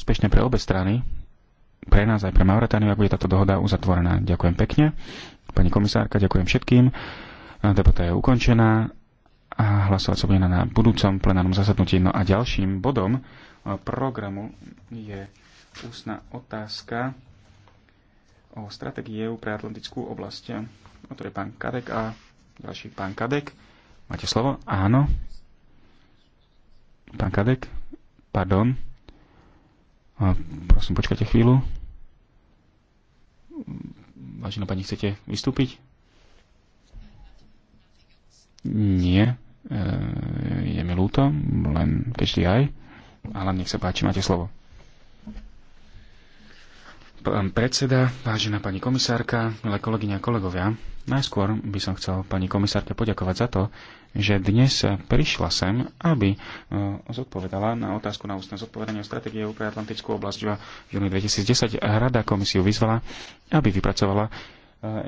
prospešné pre obe strany, pre nás aj pre Mauretániu, ak bude táto dohoda uzatvorená. Ďakujem pekne. Pani komisárka, ďakujem všetkým. Debata je ukončená a hlasovať sa bude na budúcom plenárnom zasadnutí. No a ďalším bodom programu je ústna otázka o EU pre Atlantickú oblasť. O to je pán Kadek a ďalší pán Kadek. Máte slovo? Áno. Pán Kadek? Pardon. A prosím, počkajte chvíľu. Vážená pani, chcete vystúpiť? Nie. E, je mi ľúto, len keďže aj. Ale nech sa páči, máte slovo pán predseda, vážená pani komisárka, milé kolegyne a kolegovia. Najskôr by som chcel pani komisárke poďakovať za to, že dnes prišla sem, aby e, zodpovedala na otázku na ústne zodpovedanie o stratégie pre Atlantickú oblasť v júni 2010. Rada komisiu vyzvala, aby vypracovala e,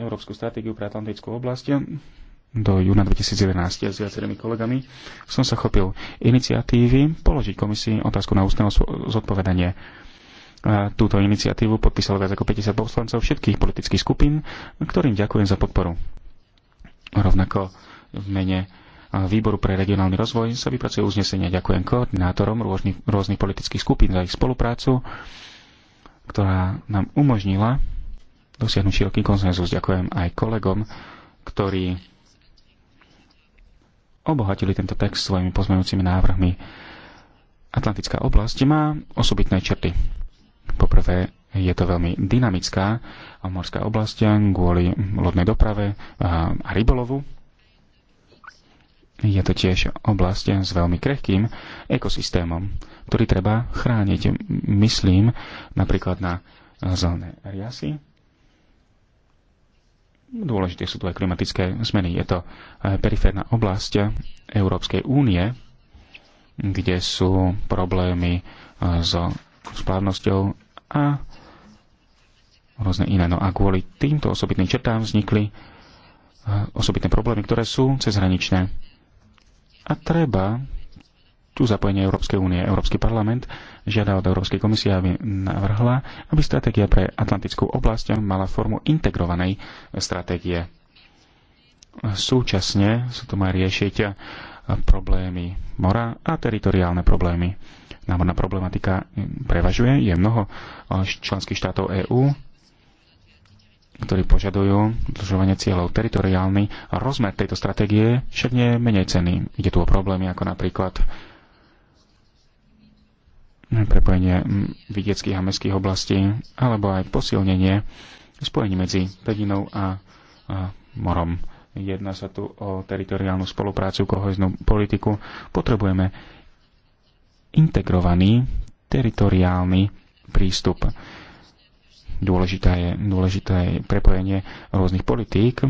Európsku stratégiu pre Atlantickú oblasť do júna 2011 s viacerými kolegami som sa chopil iniciatívy položiť komisii otázku na ústne zodpovedanie túto iniciatívu podpísalo viac ako 50 poslancov všetkých politických skupín, ktorým ďakujem za podporu. Rovnako v mene Výboru pre regionálny rozvoj sa vypracuje uznesenie. Ďakujem koordinátorom rôznych, rôznych politických skupín za ich spoluprácu, ktorá nám umožnila dosiahnuť široký konsenzus. Ďakujem aj kolegom, ktorí obohatili tento text svojimi pozmenujúcimi návrhmi. Atlantická oblasť má osobitné črty. Poprvé, je to veľmi dynamická morská oblasť kvôli lodnej doprave a rybolovu. Je to tiež oblasť s veľmi krehkým ekosystémom, ktorý treba chrániť. Myslím napríklad na zelené riasy. Dôležité sú tu aj klimatické zmeny. Je to e, periférna oblasť Európskej únie, kde sú problémy e, so správnosťou a rôzne iné. No a kvôli týmto osobitným črtám vznikli e, osobitné problémy, ktoré sú cezhraničné. A treba tu zapojenie Európskej únie. Európsky parlament žiada od Európskej komisie, aby navrhla, aby stratégia pre Atlantickú oblasť mala formu integrovanej stratégie. Súčasne sa tu má riešiť problémy mora a teritoriálne problémy námorná problematika prevažuje. Je mnoho eh, členských štátov EÚ, ktorí požadujú dlžovanie cieľov. Teritoriálny a rozmer tejto stratégie však nie je menej cený. Ide tu o problémy ako napríklad hm, prepojenie hm, vidieckých a mestských oblastí, alebo aj posilnenie spojení medzi pedinou a, a morom. Jedná sa tu o teritoriálnu spoluprácu, kohoznú politiku. Potrebujeme integrovaný teritoriálny prístup. Dôležité je, dôležité je prepojenie rôznych politík.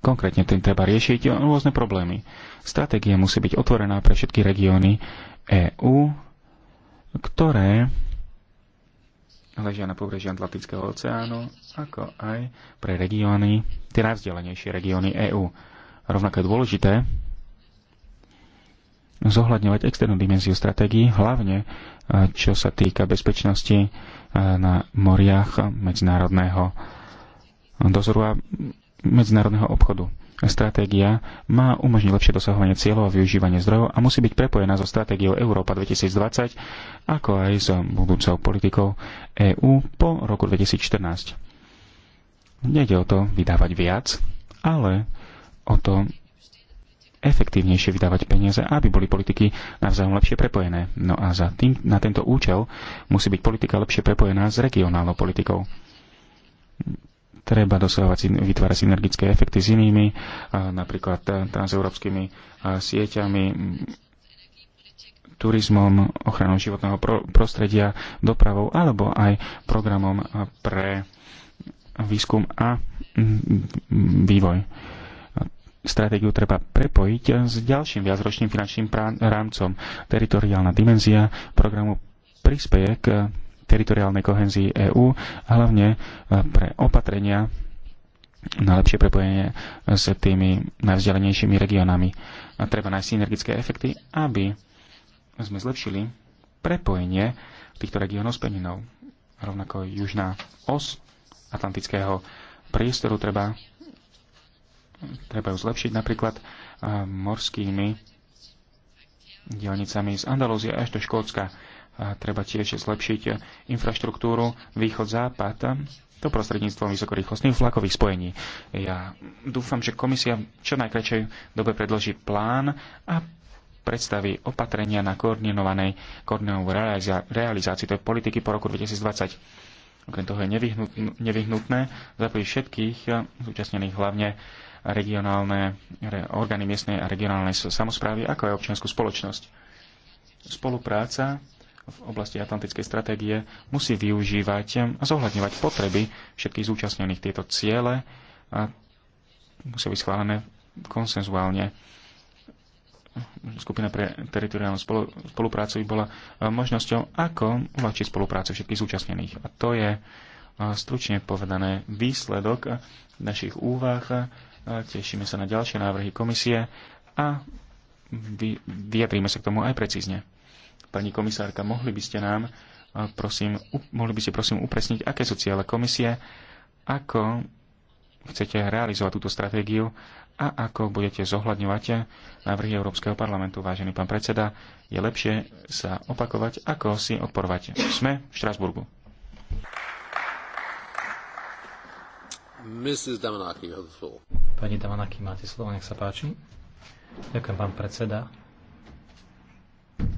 Konkrétne tým treba riešiť rôzne problémy. Stratégia musí byť otvorená pre všetky regióny EÚ, ktoré ležia na pobreží Atlantického oceánu, ako aj pre regióny, tie najvzdelenejšie regióny EÚ. Rovnako je dôležité, zohľadňovať externú dimenziu stratégií, hlavne e, čo sa týka bezpečnosti e, na moriach medzinárodného dozoru a medzinárodného obchodu. Stratégia má umožniť lepšie dosahovanie cieľov a využívanie zdrojov a musí byť prepojená so stratégiou Európa 2020, ako aj s budúcou politikou EÚ po roku 2014. Nejde o to vydávať viac, ale o to efektívnejšie vydávať peniaze, aby boli politiky navzájom lepšie prepojené. No a za tým, na tento účel musí byť politika lepšie prepojená s regionálnou politikou. Treba dosahovať, vytvárať synergické efekty s inými, napríklad e, transeurópskymi e, sieťami, turizmom, ochranou životného prostredia, dopravou alebo aj programom e, pre výskum a vývoj stratégiu treba prepojiť s ďalším viacročným finančným rámcom. Teritoriálna dimenzia programu prispieje k teritoriálnej kohenzii EÚ, hlavne e, pre opatrenia na lepšie prepojenie s tými najvzdialenejšími regiónami. Treba nájsť synergické efekty, aby sme zlepšili prepojenie týchto regiónov s peninou. Rovnako južná os atlantického priestoru treba treba ju zlepšiť napríklad eh, morskými dielnicami z Andalúzie až do Škótska. Eh, treba tiež zlepšiť eh, infraštruktúru východ-západ, to prostredníctvom vysokorýchlostných vlakových spojení. Ja dúfam, že komisia v čo najkračej dobe predloží plán a predstaví opatrenia na koordinovanej koordinovú realizácii tej politiky po roku 2020. Okrem toho je nevyhnutné zapojiť všetkých zúčastnených hlavne regionálne orgány miestnej a regionálnej samozprávy, ako aj občianskú spoločnosť. Spolupráca v oblasti atlantickej stratégie musí využívať a zohľadňovať potreby všetkých zúčastnených. Tieto ciele a musia byť schválené konsenzuálne. Skupina pre teritoriálnu spoluprácu by bola možnosťou, ako uľahčiť spoluprácu všetkých zúčastnených. A to je stručne povedané výsledok našich úvah Tešíme sa na ďalšie návrhy komisie a vyjadríme sa k tomu aj precízne. Pani komisárka, mohli by ste nám, prosím, mohli by ste prosím upresniť, aké sú ciele komisie, ako chcete realizovať túto stratégiu a ako budete zohľadňovať návrhy Európskeho parlamentu. Vážený pán predseda, je lepšie sa opakovať, ako si odporovať. Sme v Štrasburgu. Mrs. Damanaki, you have the floor. Pani Damanaki, máte slovo, nech sa páči. Ďakujem, pán predseda.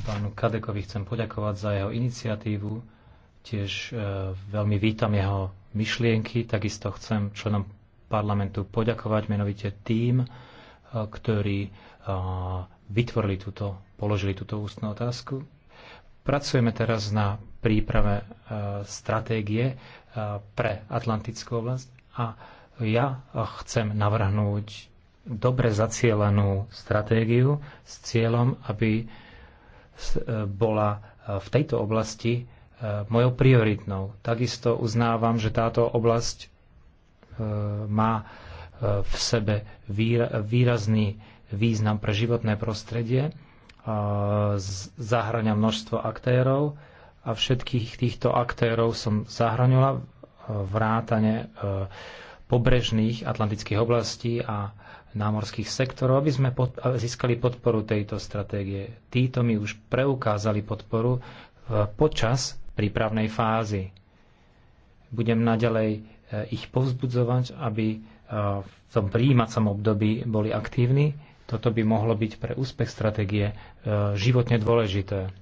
Pánu Kadekovi chcem poďakovať za jeho iniciatívu. Tiež e, veľmi vítam jeho myšlienky. Takisto chcem členom parlamentu poďakovať, menovite tým, e, ktorí e, vytvorili túto, položili túto ústnu otázku. Pracujeme teraz na príprave e, stratégie e, pre Atlantickú oblasť a ja chcem navrhnúť dobre zacielenú stratégiu s cieľom, aby e, bola e, v tejto oblasti e, mojou prioritnou. Takisto uznávam, že táto oblasť má v sebe výrazný význam pre životné prostredie, zahrania množstvo aktérov a všetkých týchto aktérov som zahraňovala vrátane pobrežných atlantických oblastí a námorských sektorov, aby sme pod, získali podporu tejto stratégie. Títo mi už preukázali podporu eh, počas prípravnej fázy. Budem naďalej eh, ich povzbudzovať, aby eh, v tom príjímacom období boli aktívni. Toto by mohlo byť pre úspech stratégie životne dôležité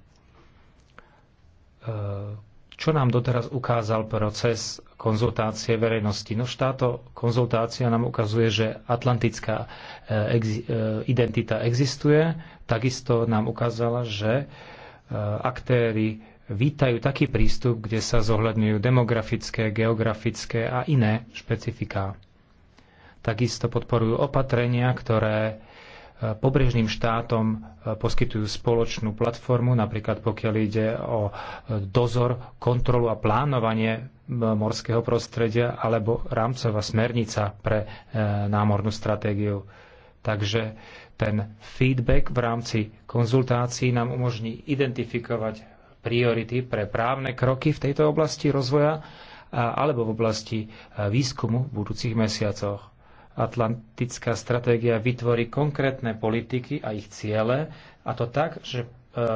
čo nám doteraz ukázal proces konzultácie verejnosti? No táto konzultácia nám ukazuje, že atlantická eh, eh, identita existuje. Takisto nám ukázala, že eh, aktéry vítajú taký prístup, kde sa zohľadňujú demografické, geografické a iné špecifiká. Takisto podporujú opatrenia, ktoré pobrežným štátom e, poskytujú spoločnú platformu, napríklad pokiaľ ide o e, dozor, kontrolu a plánovanie e, morského prostredia alebo rámcová smernica pre námornú stratégiu. Takže ten feedback v rámci konzultácií nám umožní identifikovať priority pre právne kroky v tejto oblasti rozvoja alebo v oblasti výskumu v budúcich mesiacoch. Atlantická stratégia vytvorí konkrétne politiky a ich ciele, a to tak, že e, e,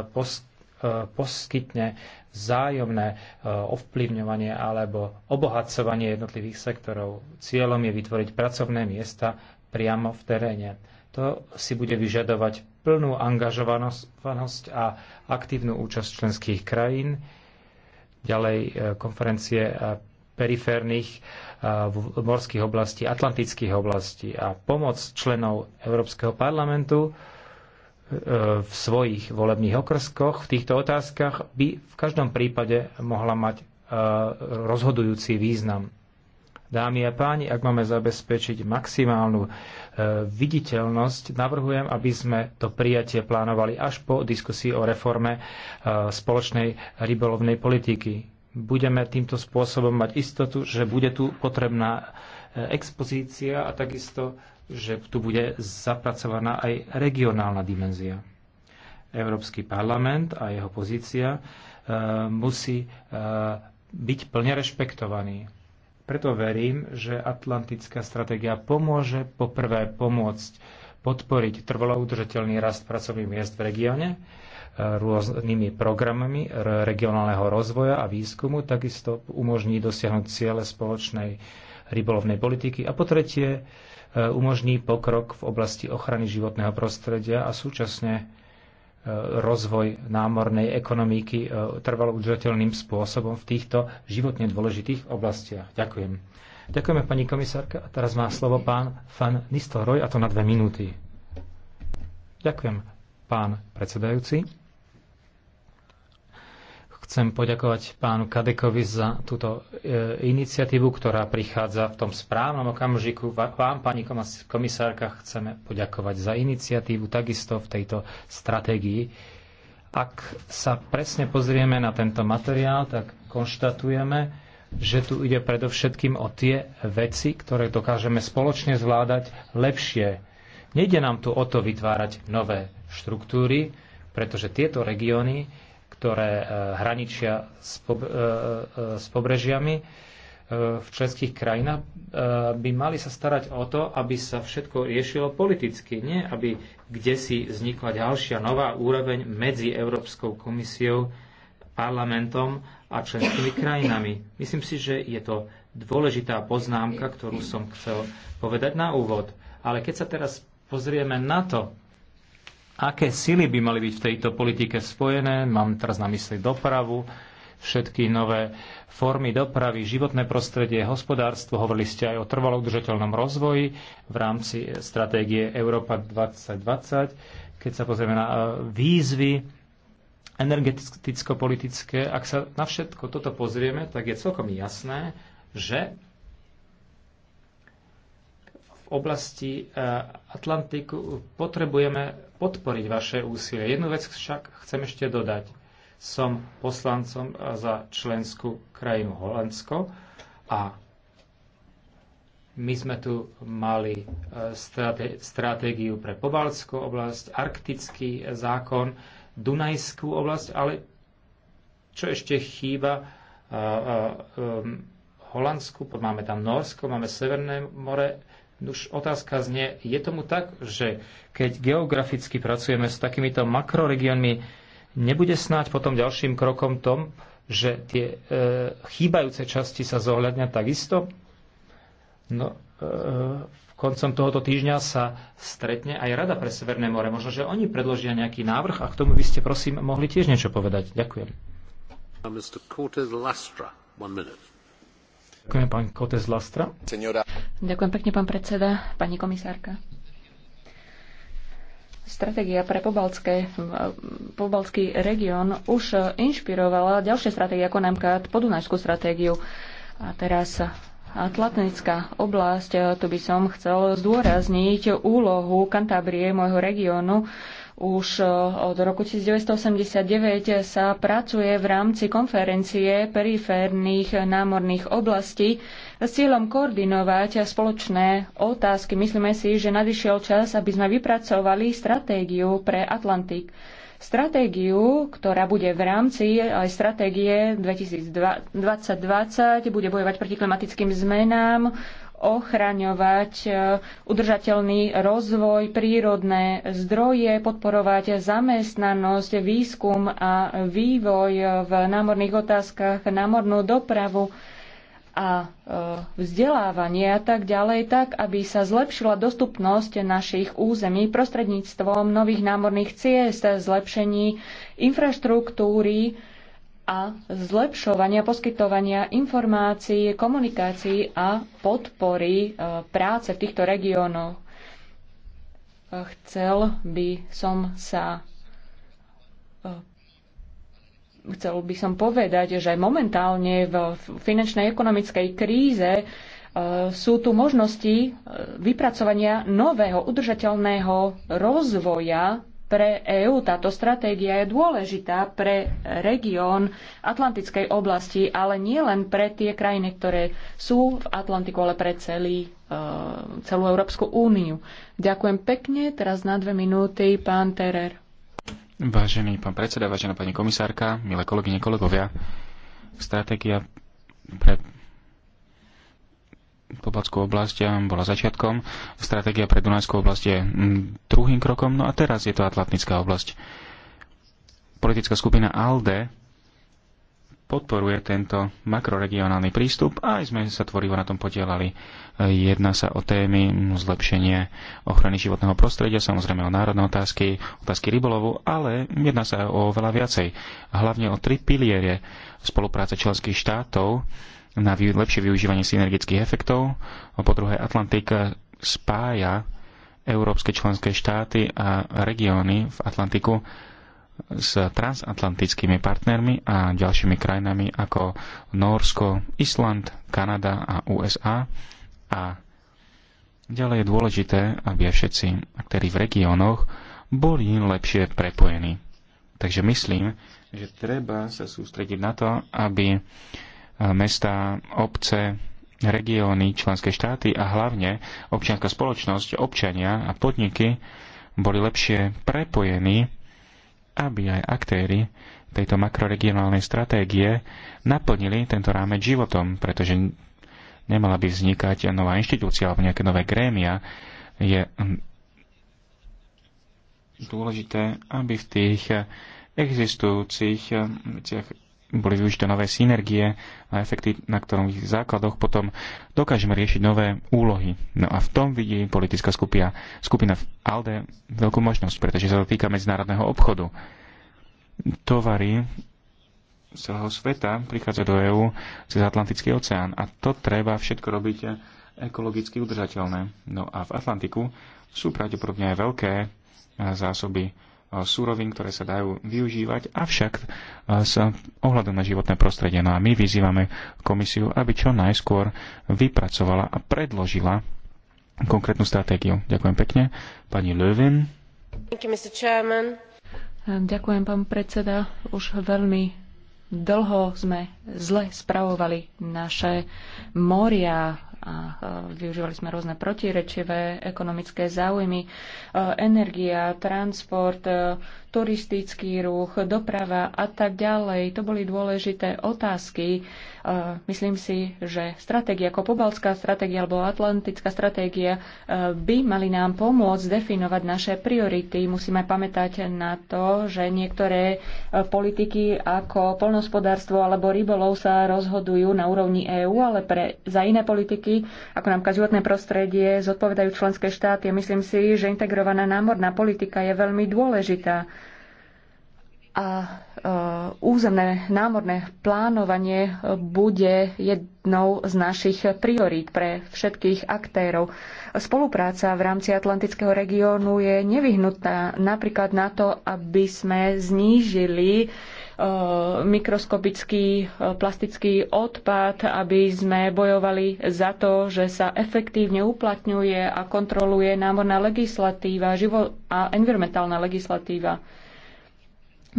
poskytne vzájomné e, ovplyvňovanie alebo obohacovanie jednotlivých sektorov. Cieľom je vytvoriť pracovné miesta priamo v teréne. To si bude vyžadovať plnú angažovanosť a aktívnu účasť členských krajín, ďalej konferencie periférnych eh, v morských oblastí, atlantických oblastí a pomoc členov Európskeho parlamentu eh, v svojich volebných okrskoch v týchto otázkach by v každom prípade mohla mať eh, rozhodujúci význam. Dámy a páni, ak máme zabezpečiť maximálnu viditeľnosť, navrhujem, aby sme to prijatie plánovali až po diskusii o reforme spoločnej rybolovnej politiky budeme týmto spôsobom mať istotu, že bude tu potrebná e, expozícia a takisto, že tu bude zapracovaná aj regionálna dimenzia. Európsky parlament a jeho pozícia e, musí e, byť plne rešpektovaný. Preto verím, že Atlantická stratégia pomôže poprvé pomôcť podporiť trvalo udržateľný rast pracovných miest v regióne, rôznymi programami regionálneho rozvoja a výskumu, takisto umožní dosiahnuť ciele spoločnej rybolovnej politiky a po tretie e, umožní pokrok v oblasti ochrany životného prostredia a súčasne e, rozvoj námornej ekonomiky e, trvalo udržateľným spôsobom v týchto životne dôležitých oblastiach. Ďakujem. Ďakujeme pani komisárka a teraz má slovo pán Fan Nistelroj a to na dve minúty. Ďakujem, pán predsedajúci. Chcem poďakovať pánu Kadekovi za túto e, iniciatívu, ktorá prichádza v tom správnom okamžiku. Vám, pani komisárka, chceme poďakovať za iniciatívu takisto v tejto stratégii. Ak sa presne pozrieme na tento materiál, tak konštatujeme, že tu ide predovšetkým o tie veci, ktoré dokážeme spoločne zvládať lepšie. Nejde nám tu o to vytvárať nové štruktúry, pretože tieto regióny ktoré e, hraničia s, po, e, e, s pobrežiami v členských krajinách, by mali sa starať o to, aby sa všetko riešilo politicky, nie aby kde si vznikla ďalšia nová úroveň medzi Európskou komisiou, parlamentom a členskými krajinami. Myslím si, že je to dôležitá poznámka, ktorú som chcel povedať na úvod. Ale keď sa teraz pozrieme na to, aké sily by mali byť v tejto politike spojené. Mám teraz na mysli dopravu, všetky nové formy dopravy, životné prostredie, hospodárstvo. Hovorili ste aj o trvalo udržateľnom rozvoji v rámci stratégie Európa 2020. Keď sa pozrieme na e, výzvy energeticko-politické, ak sa na všetko toto pozrieme, tak je celkom jasné, že oblasti eh, Atlantiku potrebujeme podporiť vaše úsilie. Jednu vec však chcem ešte dodať. Som poslancom eh, za členskú krajinu Holandsko a my sme tu mali eh, stratégiu pre Pobalskú oblasť, arktický zákon, Dunajskú oblasť, ale čo ešte chýba, Holandsku, máme tam Norsko, máme Severné more, už otázka znie, je tomu tak, že keď geograficky pracujeme s takýmito makroregiónmi, nebude snáď potom ďalším krokom tom, že tie e, chýbajúce časti sa zohľadňa takisto? No, e, koncom tohoto týždňa sa stretne aj Rada pre Severné more. Možno, že oni predložia nejaký návrh a k tomu by ste, prosím, mohli tiež niečo povedať. Ďakujem. Uh, Mr. Cortez Lastra, one minute. Ďakujem, pán Lastra. Ďakujem pekne, pán predseda, pani komisárka. Stratégia pre pobaltské, pobaltský región už inšpirovala ďalšie stratégie, ako napríklad podunajskú stratégiu. A teraz Atlantická oblasť, tu by som chcel zdôrazniť úlohu Kantábrie, môjho regiónu, už e, od roku 1989 sa pracuje v rámci konferencie periférnych námorných oblastí s cieľom koordinovať spoločné otázky. Myslíme si, že nadišiel čas, aby sme vypracovali stratégiu pre Atlantik stratégiu, ktorá bude v rámci aj stratégie 2020, 2020 bude bojovať proti klimatickým zmenám, ochraňovať e, udržateľný rozvoj, prírodné zdroje, podporovať zamestnanosť, výskum a vývoj v námorných otázkach, námornú dopravu a e, vzdelávanie a tak ďalej, tak aby sa zlepšila dostupnosť našich území prostredníctvom nových námorných ciest, zlepšení infraštruktúry, a zlepšovania poskytovania informácií, komunikácií a podpory e, práce v týchto regiónoch. E, chcel by som sa e, chcel by som povedať, že momentálne v finančnej ekonomickej kríze sú tu možnosti vypracovania nového udržateľného rozvoja pre EÚ. Táto stratégia je dôležitá pre región Atlantickej oblasti, ale nie len pre tie krajiny, ktoré sú v Atlantiku, ale pre celý, eh, celú Európsku úniu. Ďakujem pekne. Teraz na dve minúty pán Terer. Vážený pán predseda, vážená pani komisárka, milé kolegyne, kolegovia, stratégia pre Pobalskú oblasť bola začiatkom, stratégia pre Dunajskú oblasť je mm, druhým krokom, no a teraz je to Atlantická oblasť. Politická skupina ALDE podporuje tento makroregionálny prístup a aj sme sa tvorivo na tom podielali. Jedná sa o témy mm, zlepšenie ochrany životného prostredia, samozrejme o národné otázky, otázky rybolovu, ale jedná sa o veľa viacej. Hlavne o tri piliere spolupráce členských štátov, na lepšie využívanie synergických efektov. Po druhé, Atlantika spája európske členské štáty a regióny v Atlantiku s transatlantickými partnermi a ďalšími krajinami ako Norsko, Island, Kanada a USA. A ďalej je dôležité, aby všetci ktorí v regiónoch boli lepšie prepojení. Takže myslím, že treba sa sústrediť na to, aby mestá, obce, regióny, členské štáty a hlavne občianská spoločnosť, občania a podniky boli lepšie prepojení, aby aj aktéry tejto makroregionálnej stratégie naplnili tento rámec životom, pretože nemala by vznikať nová inštitúcia alebo nejaké nové grémia. Je mm, dôležité, aby v tých existujúcich veciach boli využité nové synergie a efekty, na ktorých základoch potom dokážeme riešiť nové úlohy. No a v tom vidí politická skupia, skupina v ALDE veľkú možnosť, pretože sa to týka medzinárodného obchodu. Tovary z celého sveta prichádza do EÚ cez Atlantický oceán a to treba všetko robiť ekologicky udržateľné. No a v Atlantiku sú pravdepodobne aj veľké zásoby súrovín, ktoré sa dajú využívať, avšak e, s ohľadom na životné prostredie. No a my vyzývame komisiu, aby čo najskôr vypracovala a predložila konkrétnu stratégiu. Ďakujem pekne. Pani Löwin. Ehm, ďakujem, pán predseda. Už veľmi dlho sme zle spravovali naše moria, a e, využívali sme rôzne protirečivé ekonomické záujmy. E, energia, transport, e, turistický ruch, doprava a tak ďalej. To boli dôležité otázky. Myslím si, že stratégia ako pobalská stratégia alebo atlantická stratégia by mali nám pomôcť definovať naše priority. Musíme pamätať na to, že niektoré politiky ako polnospodárstvo alebo rybolov sa rozhodujú na úrovni EÚ, ale pre, za iné politiky oblasti, ako napríklad životné prostredie, zodpovedajú členské štáty. Myslím si, že integrovaná námorná politika je veľmi dôležitá a e, územné námorné plánovanie bude jednou z našich priorít pre všetkých aktérov. Spolupráca v rámci Atlantického regiónu je nevyhnutná napríklad na to, aby sme znížili Eh, mikroskopický eh, plastický odpad, aby sme bojovali za to, že sa efektívne uplatňuje a kontroluje námorná legislatíva živo- a environmentálna legislatíva.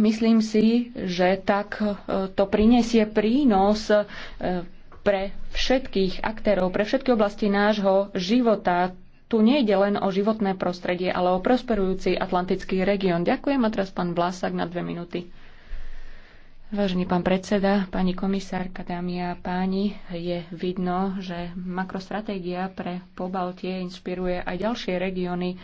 Myslím si, že tak eh, to prinesie prínos pre všetkých aktérov, pre všetky oblasti nášho života. Tu nejde len o životné prostredie, ale o prosperujúci atlantický región. Ďakujem a teraz pán Vlasak na dve minúty. Vážený pán predseda, pani komisárka, dámy a páni, je vidno, že makrostratégia pre Pobaltie inšpiruje aj ďalšie regióny.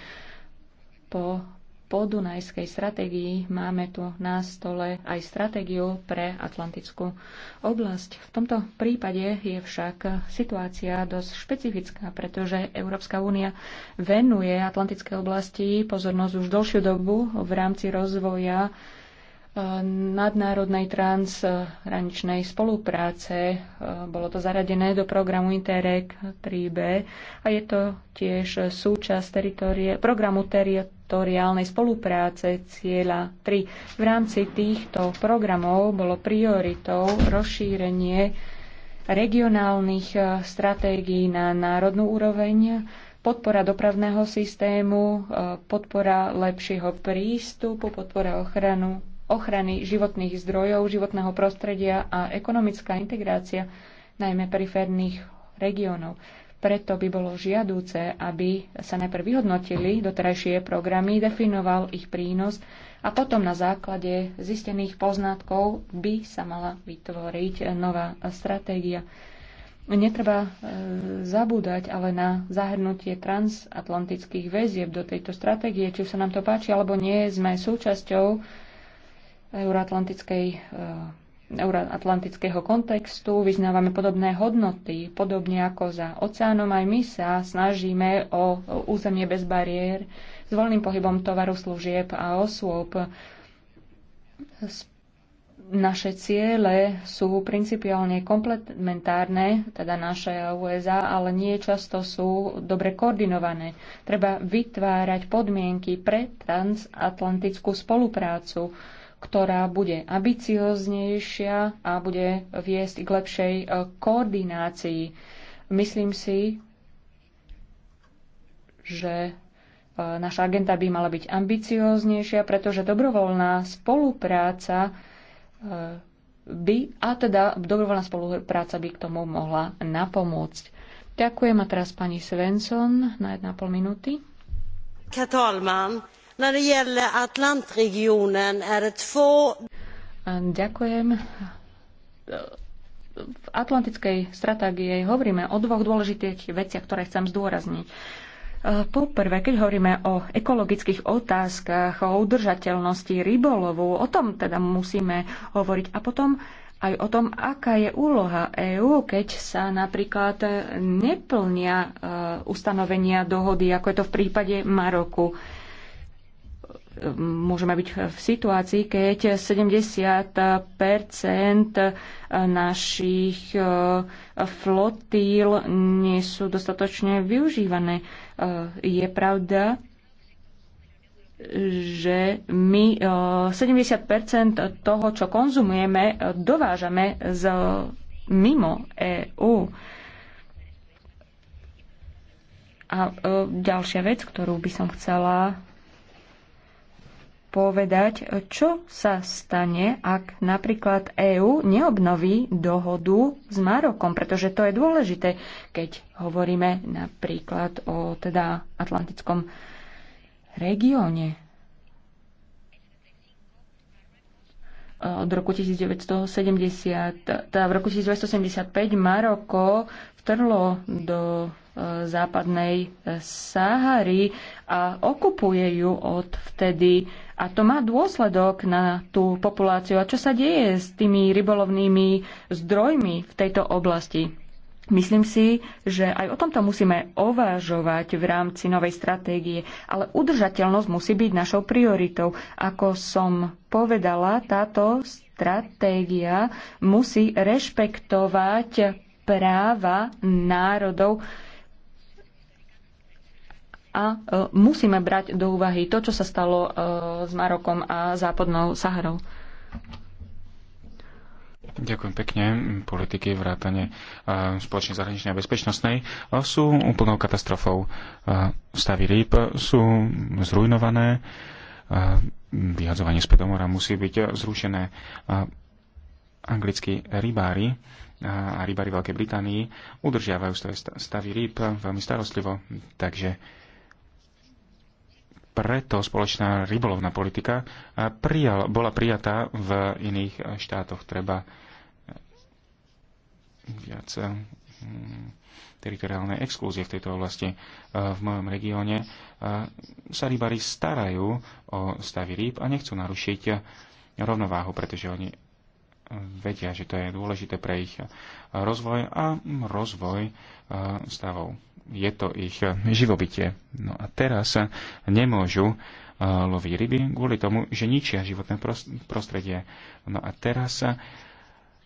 Po podunajskej stratégii máme tu na stole aj stratégiu pre Atlantickú oblasť. V tomto prípade je však situácia dosť špecifická, pretože Európska únia venuje Atlantickej oblasti pozornosť už dlhšiu dobu v rámci rozvoja nadnárodnej transhraničnej spolupráce. Bolo to zaradené do programu Interreg 3B a je to tiež súčasť teritorie, programu teritoriálnej spolupráce cieľa 3. V rámci týchto programov bolo prioritou rozšírenie regionálnych eh, stratégií na národnú úroveň, podpora dopravného systému, eh, podpora lepšieho prístupu, podpora ochranu ochrany životných zdrojov, životného prostredia a ekonomická integrácia najmä periférnych regiónov. Preto by bolo žiadúce, aby sa najprv vyhodnotili doterajšie programy, definoval ich prínos a potom na základe zistených poznatkov by sa mala vytvoriť nová stratégia. Netreba e, zabúdať ale na zahrnutie transatlantických väzieb do tejto stratégie. Či sa nám to páči alebo nie, sme súčasťou euroatlantickej eh, euroatlantického kontextu, vyznávame podobné hodnoty, podobne ako za oceánom aj my sa snažíme o územie bez bariér s voľným pohybom tovaru, služieb a osôb. Naše ciele sú principiálne komplementárne, teda naše a USA, ale nie často sú dobre koordinované. Treba vytvárať podmienky pre transatlantickú spoluprácu ktorá bude ambicioznejšia a bude viesť k lepšej e, koordinácii. Myslím si, že e, naša agenda by mala byť ambicioznejšia, pretože dobrovoľná spolupráca e, by, a teda dobrovoľná spolupráca by k tomu mohla napomôcť. Ďakujem a teraz pani Svensson na 1,5 minúty. Herr När det gäller Atlantregionen är det två... Ďakujem. V atlantickej stratégii hovoríme o dvoch dôležitých veciach, ktoré chcem zdôrazniť. Poprvé, keď hovoríme o ekologických otázkach, o udržateľnosti rybolovu, o tom teda musíme hovoriť. A potom aj o tom, aká je úloha EÚ, keď sa napríklad neplnia ustanovenia dohody, ako je to v prípade Maroku môžeme byť v situácii, keď 70 našich e, flotíl nie sú dostatočne využívané. E, je pravda, že my 70 e, toho, čo konzumujeme, dovážame z mimo EÚ. A ďalšia vec, ktorú by som chcela povedať, čo sa stane, ak napríklad EÚ neobnoví dohodu s Marokom, pretože to je dôležité, keď hovoríme napríklad o teda Atlantickom regióne. Od roku 1970, teda v roku 1975 Maroko vtrlo do e, západnej e, Sahary a okupuje ju od vtedy. A to má dôsledok na tú populáciu. A čo sa deje s tými rybolovnými zdrojmi v tejto oblasti? Myslím si, že aj o tomto musíme ovážovať v rámci novej stratégie, ale udržateľnosť musí byť našou prioritou. Ako som povedala, táto stratégia musí rešpektovať práva národov a e, musíme brať do úvahy to, čo sa stalo e, s Marokom a západnou Saharou. Ďakujem pekne. Politiky vrátane e, spoločnej zahraničnej a bezpečnostnej sú úplnou katastrofou. Stavy rýb sú zrujnované, vyhadzovanie z pedomora musí byť zrušené anglickí rybári a rybári Veľkej Británii udržiavajú svoje stavy rýb veľmi starostlivo, takže preto spoločná rybolovná politika prijal, bola prijatá v iných štátoch. Treba viac hm, teritoriálnej exkluzie v tejto oblasti. E, v mojom regióne e, sa rybári starajú o stavy rýb a nechcú narušiť rovnováhu, pretože oni vedia, že to je dôležité pre ich rozvoj a rozvoj e, stavov. Je to ich živobytie. No a teraz nemôžu e, loviť ryby kvôli tomu, že ničia životné prostredie. No a teraz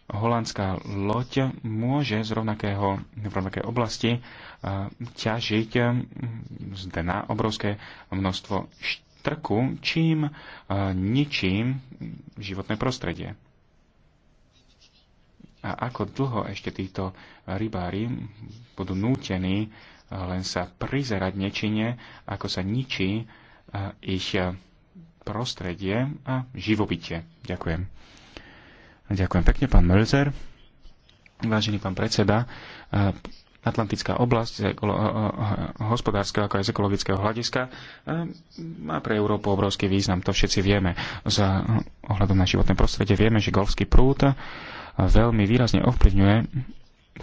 holandská loď môže z rovnakého, v rovnakej oblasti e, ťažiť z dna obrovské množstvo štrku, čím ničím životné prostredie a ako dlho ešte títo rybári budú nútení eh, len sa prizerať nečine, ako sa ničí eh, ich eh, prostredie a živobytie. Ďakujem. Ďakujem pekne, pán Mölzer. Vážený pán predseda, Atlantická oblasť z hospodárskeho ako aj z ekologického hľadiska má pre Európu obrovský význam, to všetci vieme. Za ohľadom na životné prostredie vieme, že golfský prúd veľmi výrazne ovplyvňuje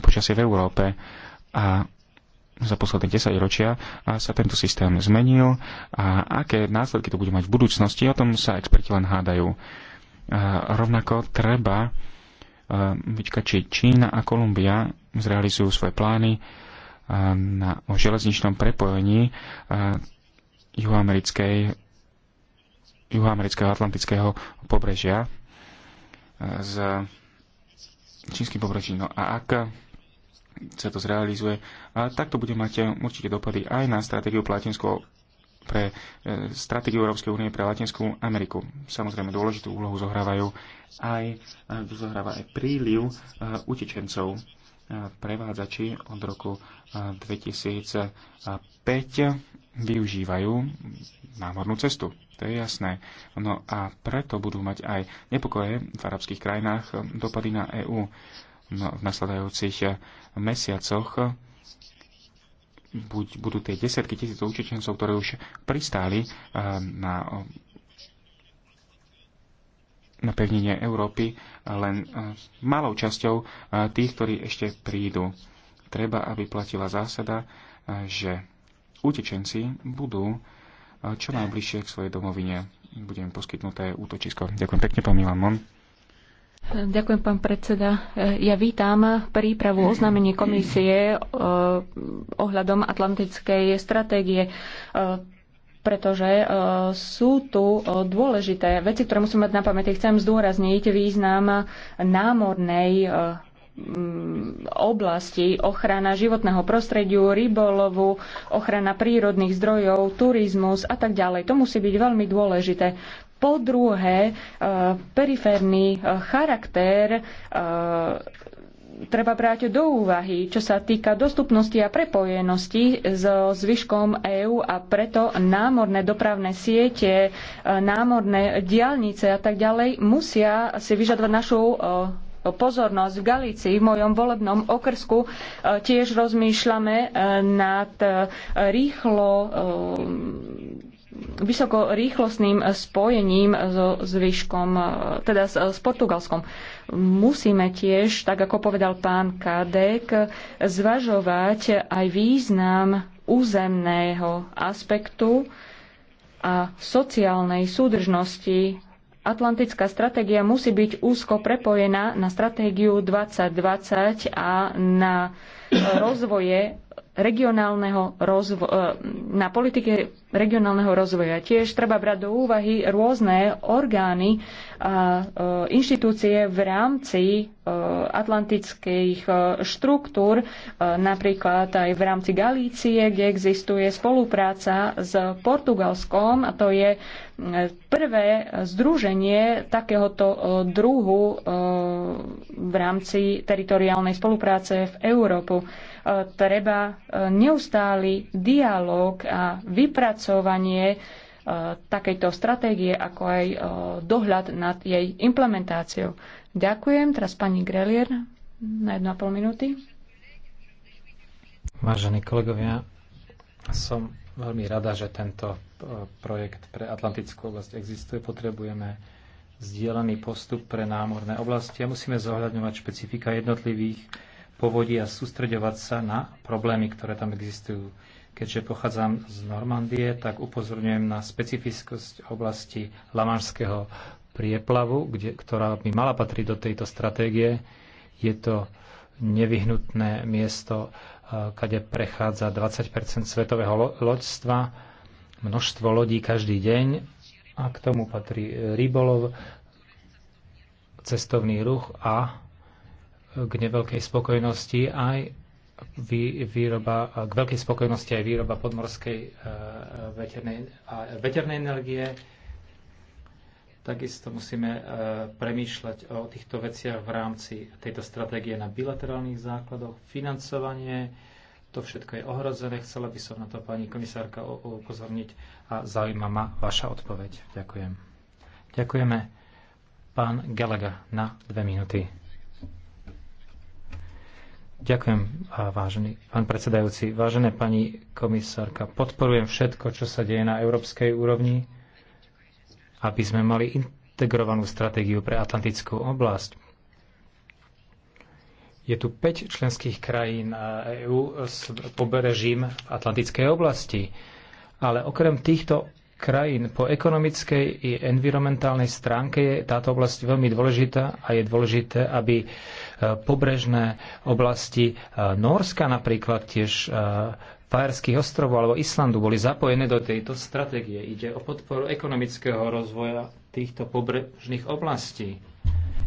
počasie v Európe a za posledné 10 ročia a sa tento systém zmenil a aké následky to bude mať v budúcnosti, o tom sa experti len hádajú. A rovnako treba vyčkať, či Čína a Kolumbia zrealizujú svoje plány na, o železničnom prepojení juhoamerickej, juhoamerického atlantického pobrežia z čínsky pobrečí. No a ak sa to zrealizuje, a tak to bude mať určite dopady aj na stratégiu Platinsko pre e, stratégiu Európskej únie pre Latinskú Ameriku. Samozrejme, dôležitú úlohu zohrávajú aj, zohráva aj príliv e, utečencov e, prevádzači od roku 2005 využívajú námornú cestu to je jasné. No a preto budú mať aj nepokoje v arabských krajinách um, dopady na EÚ no, v nasledajúcich uh, mesiacoch uh, buď budú tie desiatky tisíc utečencov, ktoré už pristáli uh, na, na pevnenie Európy, len malou časťou tých, ktorí ešte prídu. Treba, aby platila zásada, že utečenci budú čo najbližšie k svojej domovine. Bude im poskytnuté útočisko. Ďakujem pekne, pán Milan Mon. Ďakujem, pán predseda. Ja vítam prípravu oznámenie komisie e, ohľadom atlantickej stratégie e, pretože uh, sú tu uh, dôležité veci, ktoré musíme mať na pamäti. Chcem zdôrazniť význam námornej uh, Mm, oblasti ochrana životného prostrediu, rybolovu, ochrana prírodných zdrojov, turizmus a tak ďalej. To musí byť veľmi dôležité. Po druhé, e, periférny e, charakter e, treba brať do úvahy, čo sa týka dostupnosti a prepojenosti so zvyškom EÚ a preto námorné dopravné siete, námorné diálnice a tak ďalej musia si vyžadovať našu pozornosť. V Galícii, v mojom volebnom okrsku, e, tiež rozmýšľame e, nad e, rýchlo vysokorýchlostným spojením so zvyškom, teda s, s Portugalskom. Musíme tiež, tak ako povedal pán Kadek, zvažovať aj význam územného aspektu a sociálnej súdržnosti Atlantická stratégia musí byť úzko prepojená na stratégiu 2020 a na rozvoje regionálneho rozvo- eh, na politike regionálneho rozvoja. Tiež treba brať do úvahy rôzne orgány a eh, inštitúcie v rámci eh, atlantických štruktúr, napríklad aj v rámci Galície, kde existuje spolupráca s Portugalskom a to je prvé združenie takéhoto druhu v rámci teritoriálnej spolupráce v Európu. Treba neustály dialog a vypracovanie e, takejto stratégie, ako aj e, dohľad nad jej implementáciou. Ďakujem. Teraz pani Grelier na 1,5 minúty. Vážení kolegovia, som veľmi rada, že tento e, projekt pre Atlantickú oblasť existuje. Potrebujeme zdieľaný postup pre námorné oblasti a musíme zohľadňovať špecifika jednotlivých povodí a sústreďovať sa na problémy, ktoré tam existujú. Keďže pochádzam z Normandie, tak upozorňujem na specifickosť oblasti Lamanšského prieplavu, kde, ktorá by mala patriť do tejto stratégie. Je to nevyhnutné miesto, eh, kade prechádza 20 svetového loďstva, množstvo lodí každý deň a k tomu patrí rybolov, cestovný ruch a k neveľkej spokojnosti aj výroba, k veľkej spokojnosti aj výroba podmorskej e, veternej, veternej energie. Takisto musíme e, premýšľať o týchto veciach v rámci tejto stratégie na bilaterálnych základoch, financovanie, to všetko je ohrozené. Chcela by som na to pani komisárka upozorniť a zaujíma ma vaša odpoveď. Ďakujem. Ďakujeme. Pán Galaga na dve minúty. Ďakujem, vážený pán predsedajúci. Vážené pani komisárka, podporujem všetko, čo sa deje na európskej úrovni, aby sme mali integrovanú stratégiu pre Atlantickú oblasť. Je tu 5 členských krajín EÚ s pobrežím v Atlantickej oblasti, ale okrem týchto krajín po ekonomickej i environmentálnej stránke je táto oblasť veľmi dôležitá a je dôležité, aby e, pobrežné oblasti e, Norska napríklad tiež e, Fajerských ostrovov alebo Islandu boli zapojené do tejto stratégie. Ide o podporu ekonomického rozvoja týchto pobrežných oblastí.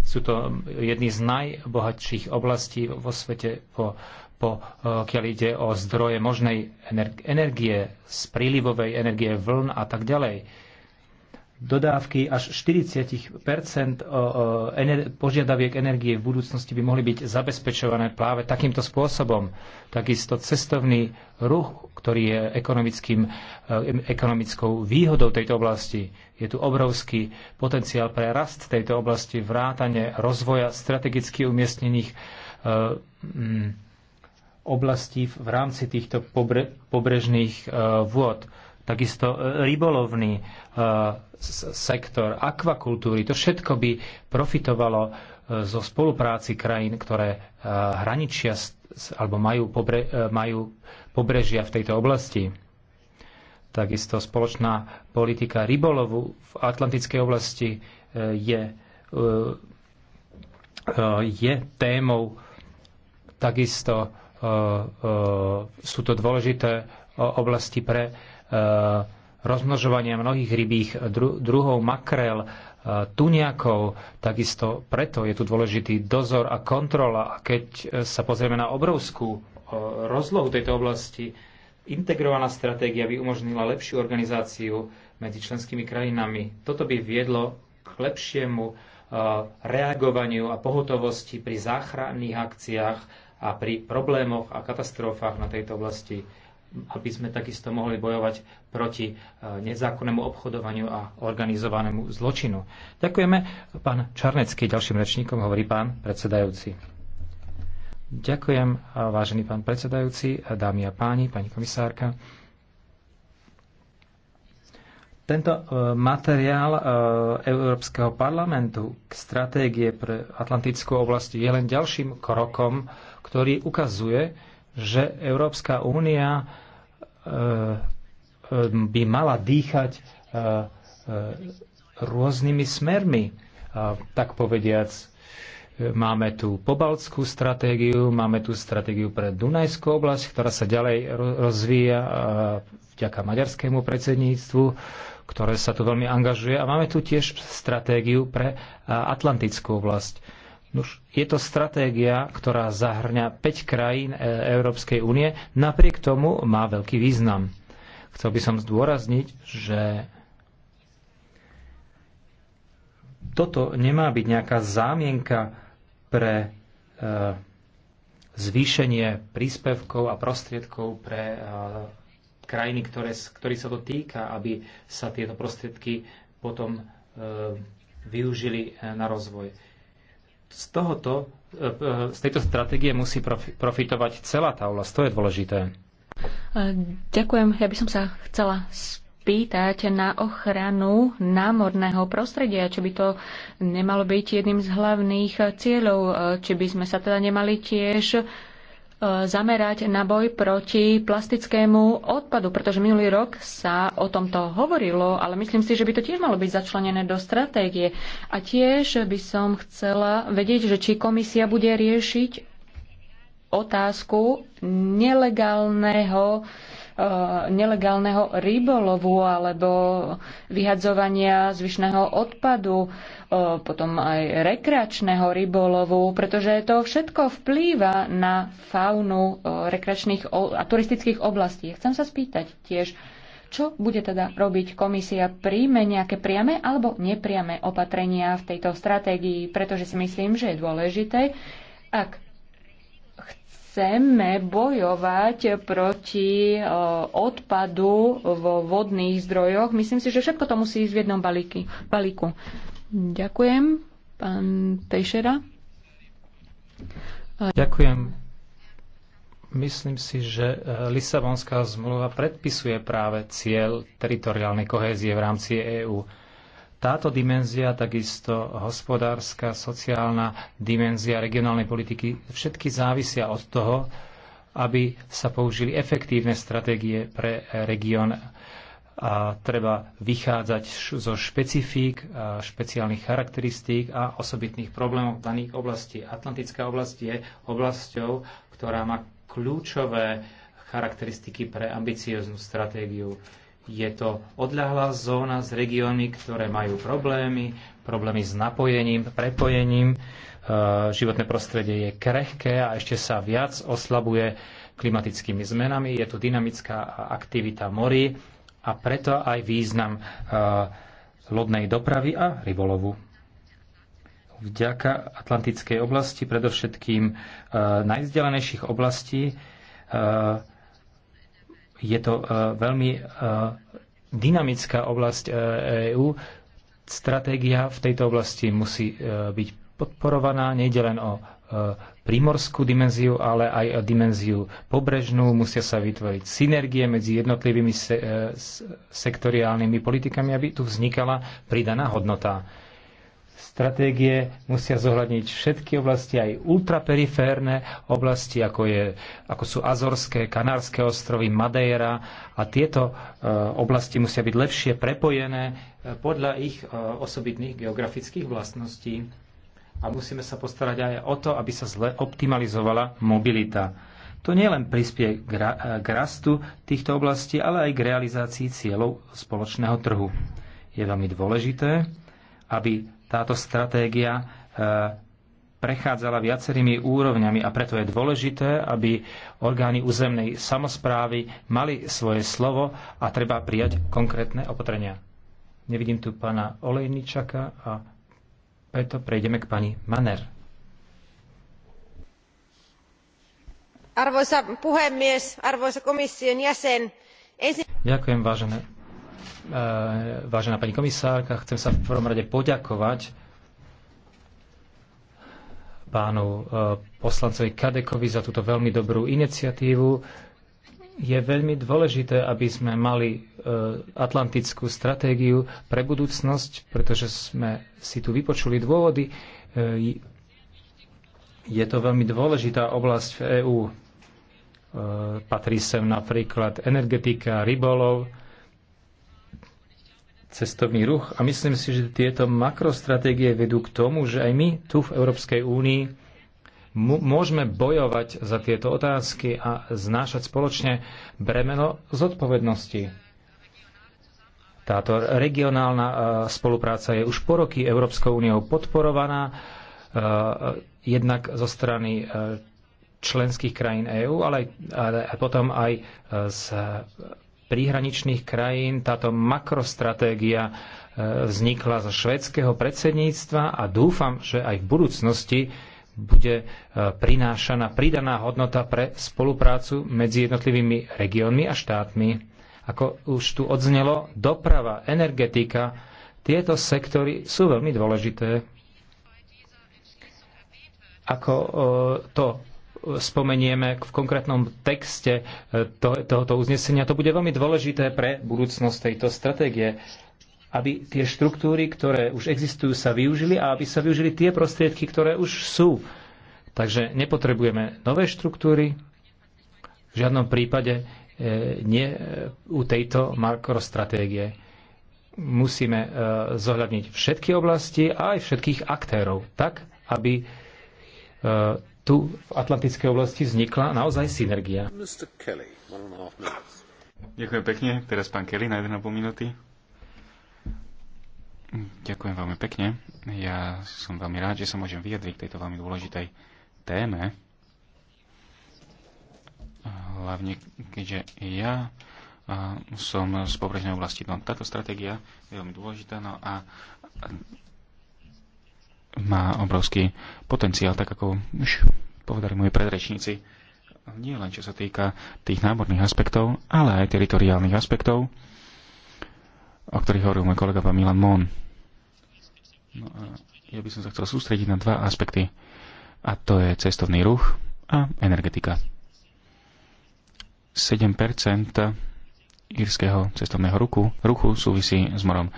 Sú to um, jedny z najbohatších oblastí vo svete, po, po, uh, keď ide o zdroje možnej energie, z prílivovej energie vln a tak ďalej dodávky až 40 požiadaviek energie v budúcnosti by mohli byť zabezpečované práve takýmto spôsobom. Takisto cestovný ruch, ktorý je ekonomickým, e, ekonomickou výhodou tejto oblasti, je tu obrovský potenciál pre rast tejto oblasti, vrátanie rozvoja strategicky umiestnených e, oblastí v rámci týchto pobre, pobrežných e, vôd takisto e, rybolovný e, sektor, akvakultúry. To všetko by profitovalo e, zo spolupráci krajín, ktoré hraničia alebo majú, pobre, majú pobrežia v tejto oblasti. Takisto spoločná politika rybolovu v Atlantickej oblasti je, je témou. Takisto sú to dôležité oblasti pre Eh, rozmnožovania mnohých rybých druhov makrel, eh, tuniakov, takisto preto je tu dôležitý dozor a kontrola. A keď eh, sa pozrieme na obrovskú rozlohu tejto oblasti, integrovaná stratégia by umožnila lepšiu organizáciu medzi členskými krajinami. Toto by viedlo k lepšiemu reagovaniu a pohotovosti pri záchranných akciách a pri problémoch a katastrofách na tejto oblasti aby sme takisto mohli bojovať proti e, nezákonnému obchodovaniu a organizovanému zločinu. Ďakujeme. Pán Čarnecký, ďalším rečníkom hovorí pán predsedajúci. Ďakujem, vážený pán predsedajúci, dámy a páni, pani komisárka. Tento e, materiál e, Európskeho parlamentu k stratégie pre Atlantickú oblast je len ďalším krokom, ktorý ukazuje, že Európska únia E, e, by mala dýchať e, rôznymi smermi, tak povediac. Máme tu pobaltskú stratégiu, máme tu stratégiu pre Dunajskú oblasť, ktorá sa ďalej rozvíja vďaka maďarskému predsedníctvu, ktoré sa tu veľmi angažuje. A máme tu tiež stratégiu pre Atlantickú oblasť Nuž, je to stratégia, ktorá zahrňa 5 krajín e, Európskej únie, napriek tomu má veľký význam. Chcel by som zdôrazniť, že toto nemá byť nejaká zámienka pre e, zvýšenie príspevkov a prostriedkov pre e, krajiny, ktoré, ktorý sa to týka, aby sa tieto prostriedky potom e, využili e, na rozvoj z, tohoto, e, e, z tejto stratégie musí profitovať celá tá oblasť. To je dôležité. E, ďakujem. Ja by som sa chcela spýtať na ochranu námorného prostredia, či by to nemalo byť jedným z hlavných cieľov, či by sme sa teda nemali tiež E, zamerať na boj proti plastickému odpadu, pretože minulý rok sa o tomto hovorilo, ale myslím si, že by to tiež malo byť začlenené do stratégie. A tiež by som chcela vedieť, že či komisia bude riešiť otázku nelegálneho Eh, nelegálneho rybolovu alebo vyhadzovania zvyšného odpadu, eh, potom aj rekreačného rybolovu, pretože to všetko vplýva na faunu eh, rekreačných a turistických oblastí. Chcem sa spýtať tiež, čo bude teda robiť komisia? Príjme nejaké priame alebo nepriame opatrenia v tejto stratégii, pretože si myslím, že je dôležité, ak chceme bojovať proti e, odpadu vo vodných zdrojoch, myslím si, že všetko to musí ísť v jednom balíky, balíku. Ďakujem, pán Tejšera. E, Ďakujem. Myslím si, že e, Lisabonská zmluva predpisuje práve cieľ teritoriálnej kohézie v rámci EÚ táto dimenzia, takisto hospodárska, sociálna dimenzia regionálnej politiky, všetky závisia od toho, aby sa použili efektívne stratégie pre región a treba vychádzať zo špecifík, špeciálnych charakteristík a osobitných problémov daných oblastí. Atlantická oblasť je oblasťou, ktorá má kľúčové charakteristiky pre ambicioznú stratégiu. Je to odľahlá zóna z regióny, ktoré majú problémy, problémy s napojením, prepojením. E, životné prostredie je krehké a ešte sa viac oslabuje klimatickými zmenami. Je tu dynamická aktivita morí a preto aj význam e, lodnej dopravy a rybolovu. Vďaka Atlantickej oblasti, predovšetkým e, najvzdelanejších oblastí, je to e, veľmi e, dynamická oblasť EÚ. E Stratégia v tejto oblasti musí byť podporovaná. Nejde len o prímorskú dimenziu, ale aj o dimenziu pobrežnú. Musia sa vytvoriť synergie medzi jednotlivými se sektoriálnymi politikami, aby tu vznikala pridaná hodnota stratégie musia zohľadniť všetky oblasti, aj ultraperiférne oblasti, ako, je, ako sú Azorské, Kanárske ostrovy, Madeira a tieto e, oblasti musia byť lepšie prepojené e, podľa ich e, osobitných geografických vlastností. A musíme sa postarať aj o to, aby sa zle optimalizovala mobilita. To nielen prispie k rastu týchto oblastí, ale aj k realizácii cieľov spoločného trhu. Je veľmi dôležité, aby táto stratégia e, prechádzala viacerými úrovňami a preto je dôležité, aby orgány územnej samozprávy mali svoje slovo a treba prijať konkrétne opatrenia. Nevidím tu pána Olejničaka a preto prejdeme k pani Maner. Arvoisa puhemies, arvoisa komission jäsen. Ensin... Ďakujem, vážené Eh, vážená pani komisárka, chcem sa v prvom rade poďakovať pánu eh, poslancovi Kadekovi za túto veľmi dobrú iniciatívu. Je veľmi dôležité, aby sme mali eh, atlantickú stratégiu pre budúcnosť, pretože sme si tu vypočuli dôvody. Je to veľmi dôležitá oblasť v EÚ. Patrí sem napríklad energetika, rybolov, cestovný ruch. A myslím si, že tieto makrostratégie vedú k tomu, že aj my tu v Európskej únii môžeme bojovať za tieto otázky a znášať spoločne bremeno zodpovednosti. Táto regionálna e, spolupráca je už po roky Európskou úniou podporovaná e, jednak zo strany e, členských krajín EÚ, ale, ale potom aj z príhraničných krajín. Táto makrostratégia e, vznikla zo švedského predsedníctva a dúfam, že aj v budúcnosti bude e, prinášaná pridaná hodnota pre spoluprácu medzi jednotlivými regiónmi a štátmi. Ako už tu odznelo, doprava, energetika, tieto sektory sú veľmi dôležité. Ako e, to spomenieme v konkrétnom texte e, to, tohoto uznesenia. To bude veľmi dôležité pre budúcnosť tejto stratégie aby tie štruktúry, ktoré už existujú, sa využili a aby sa využili tie prostriedky, ktoré už sú. Takže nepotrebujeme nové štruktúry, v žiadnom prípade e, nie e, u tejto makrostratégie. Musíme e, zohľadniť všetky oblasti a aj všetkých aktérov, tak, aby e, tu v Atlantickej oblasti vznikla naozaj synergia. Ďakujem pekne. Teraz pán Kelly na 1,5 minúty. Ďakujem veľmi pekne. Ja som veľmi rád, že sa môžem vyjadriť k tejto veľmi dôležitej téme. Hlavne, keďže ja som z pobrežnej oblasti. No, táto stratégia je veľmi dôležitá no a má obrovský potenciál, tak ako už povedali moji predrečníci. Nie len čo sa týka tých náborných aspektov, ale aj teritoriálnych aspektov, o ktorých hovoril môj kolega pán Milan Mon. No a ja by som sa chcel sústrediť na dva aspekty. A to je cestovný ruch a energetika. 7 írskeho cestovného ruchu, ruchu súvisí s morom.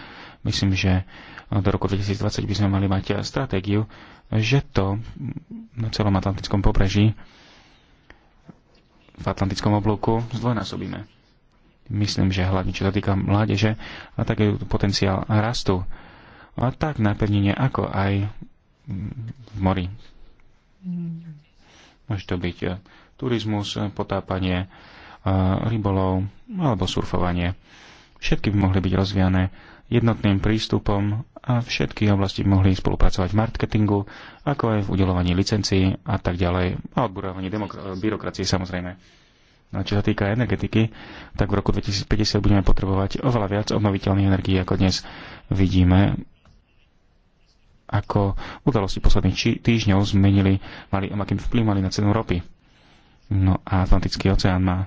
Myslím, že do roku 2020 by sme mali mať stratégiu, že to na celom Atlantickom pobreží v Atlantickom oblúku zdvojnásobíme. Myslím, že hlavne čo sa týka mládeže, a tak je potenciál rastu. A tak na ako aj v mori. Môže to byť e, turizmus, e, potápanie, e, rybolov alebo surfovanie. Všetky by mohli byť rozvíjane jednotným prístupom a všetky oblasti mohli spolupracovať v marketingu, ako aj v udelovaní licencií a tak ďalej a odburovaní byrokracie samozrejme. No, čo sa týka energetiky, tak v roku 2050 budeme potrebovať oveľa viac obnoviteľných energií, ako dnes vidíme, ako udalosti posledných týždňov zmenili, mali, akým vplyv mali na cenu ropy. No a Atlantický oceán má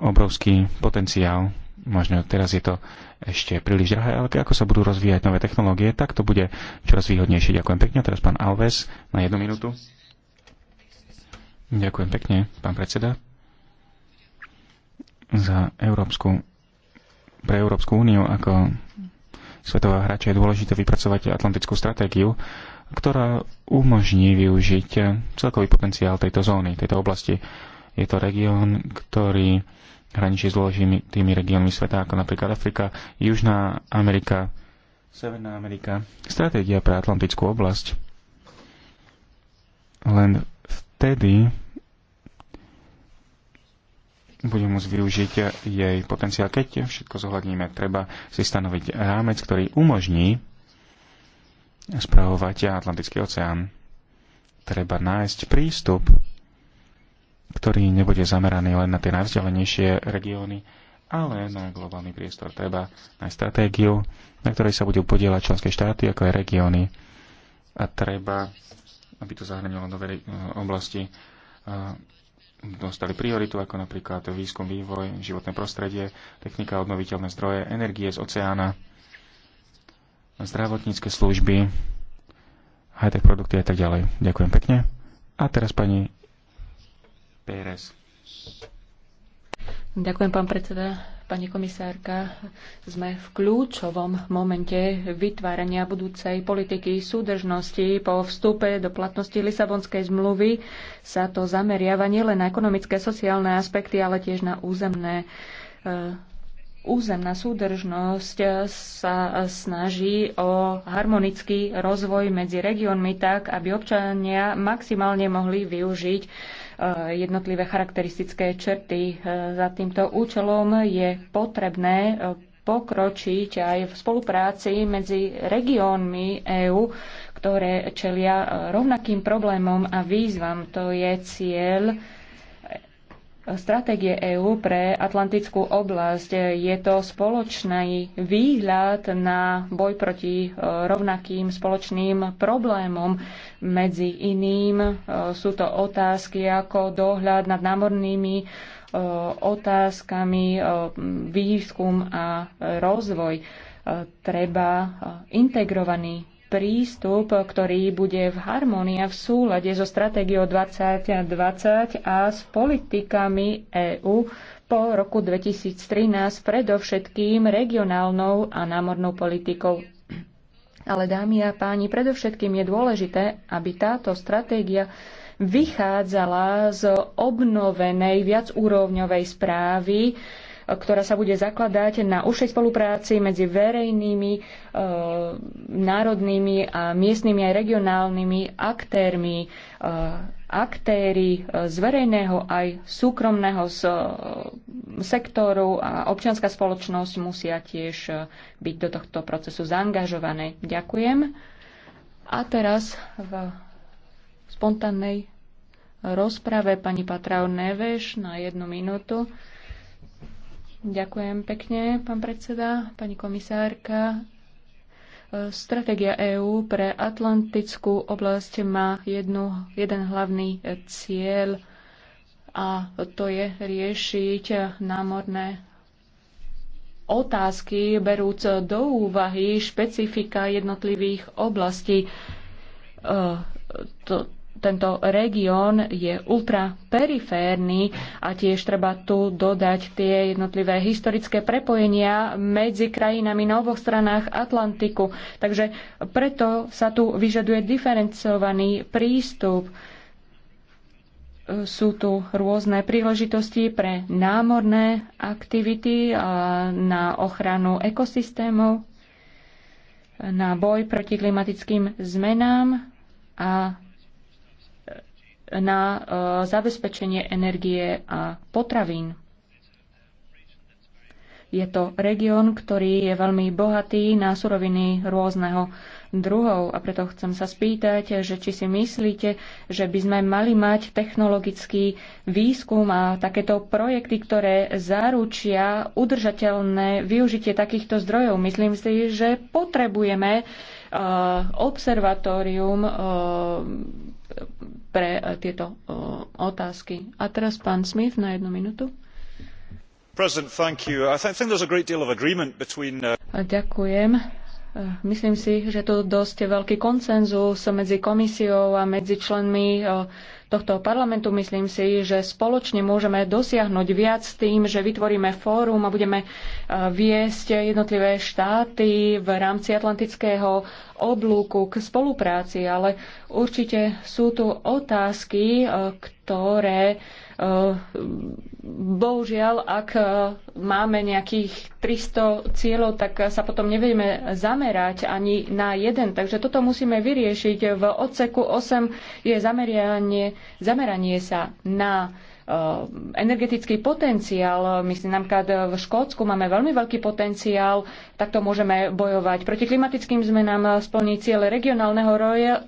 obrovský potenciál. Možno teraz je to ešte príliš drahé, ale ako sa budú rozvíjať nové technológie, tak to bude čoraz výhodnejšie. Ďakujem pekne. Teraz pán Alves na jednu minútu. Ďakujem pekne, pán predseda. Za Európsku, pre Európsku úniu ako svetová hráča je dôležité vypracovať atlantickú stratégiu, ktorá umožní využiť celkový potenciál tejto zóny, tejto oblasti. Je to región, ktorý hraničí s dôležitými regiónmi sveta, ako napríklad Afrika, Južná Amerika, Severná Amerika. Stratégia pre Atlantickú oblasť len vtedy budeme môcť využiť jej potenciál, keď všetko zohľadníme. Treba si stanoviť rámec, ktorý umožní spravovať Atlantický oceán. Treba nájsť prístup ktorý nebude zameraný len na tie najvzdelenejšie regióny, ale na globálny priestor. Treba na stratégiu, na ktorej sa budú podielať členské štáty, ako aj regióny. A treba, aby to zahrňalo nové oblasti, dostali prioritu, ako napríklad výskum, vývoj, životné prostredie, technika, obnoviteľné zdroje, energie z oceána, zdravotnícke služby, high-tech produkty a tak ďalej. Ďakujem pekne. A teraz pani Pérez. Ďakujem, pán predseda. Pani komisárka, sme v kľúčovom momente vytvárania budúcej politiky súdržnosti. Po vstupe do platnosti Lisabonskej zmluvy sa to zameriava nielen na ekonomické, sociálne aspekty, ale tiež na územné eh, Územná súdržnosť sa snaží o harmonický rozvoj medzi regiónmi tak, aby občania maximálne mohli využiť jednotlivé charakteristické črty. Za týmto účelom je potrebné eh, pokročiť aj v spolupráci medzi regiónmi EÚ, ktoré čelia eh, rovnakým problémom a výzvam. To je cieľ stratégie EÚ pre Atlantickú oblasť. Je to spoločný výhľad na boj proti e, rovnakým spoločným problémom. Medzi iným e, sú to otázky ako dohľad nad námornými e, otázkami, výskum a rozvoj. Treba integrovaný prístup, ktorý bude v harmonii a v súlade so stratégiou 2020 a s politikami EÚ po roku 2013, predovšetkým regionálnou a námornou politikou. Ale dámy a páni, predovšetkým je dôležité, aby táto stratégia vychádzala z obnovenej viacúrovňovej správy, ktorá sa bude zakladať na užšej spolupráci medzi verejnými, e, národnými a miestnymi aj regionálnymi aktérmi, e, aktéry e, z verejného aj súkromného z, e, sektoru a občianská spoločnosť musia tiež e, byť do tohto procesu zaangažované. Ďakujem. A teraz v spontánnej rozprave pani Patrao Neveš na jednu minútu. Ďakujem pekne, pán predseda, pani komisárka. Stratégia EÚ pre Atlantickú oblasť má jednu, jeden hlavný cieľ a to je riešiť námorné otázky, berúc do úvahy špecifika jednotlivých oblastí. E, to, tento región je ultraperiférny a tiež treba tu dodať tie jednotlivé historické prepojenia medzi krajinami na oboch stranách Atlantiku. Takže preto sa tu vyžaduje diferencovaný prístup. Sú tu rôzne príležitosti pre námorné aktivity na ochranu ekosystémov, na boj proti klimatickým zmenám a na e, zabezpečenie energie a potravín. Je to región, ktorý je veľmi bohatý na suroviny rôzneho druhov a preto chcem sa spýtať, že či si myslíte, že by sme mali mať technologický výskum a takéto projekty, ktoré zaručia udržateľné využitie takýchto zdrojov. Myslím si, že potrebujeme e, observatórium e, pre e, tieto e, otázky. A teraz pán Smith na jednu minútu. Uh, ďakujem. E, myslím si, že tu dosť veľký koncenzus medzi komisiou a medzi členmi tohto parlamentu. Myslím si, že spoločne môžeme dosiahnuť viac tým, že vytvoríme fórum a budeme viesť jednotlivé štáty v rámci Atlantického oblúku k spolupráci, ale určite sú tu otázky, e, ktoré e, bohužiaľ, ak e, máme nejakých 300 cieľov, tak sa potom nevieme zamerať ani na jeden. Takže toto musíme vyriešiť. V odseku 8 je zameranie, zameranie sa na Ehm, energetický potenciál. Eh, myslím, napríklad eh, v Škótsku máme veľmi veľký potenciál, takto môžeme bojovať proti klimatickým zmenám, eh, splniť ciele regionálneho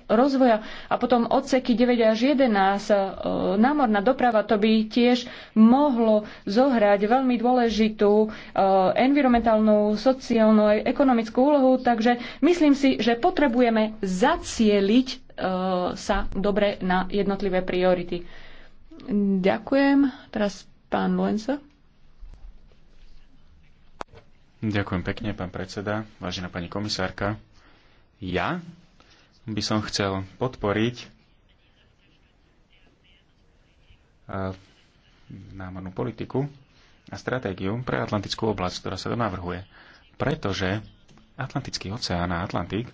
rozvoja a potom odseky 9 až 11, námorná doprava, to by tiež mohlo zohrať veľmi dôležitú environmentálnu, sociálnu a ekonomickú úlohu, takže myslím si, že potrebujeme zacieliť sa dobre na jednotlivé priority. Ďakujem. Teraz pán Lenza. Ďakujem pekne, pán predseda, vážená pani komisárka. Ja by som chcel podporiť e, námornú politiku a stratégiu pre Atlantickú oblasť, ktorá sa to navrhuje. Pretože Atlantický oceán a Atlantik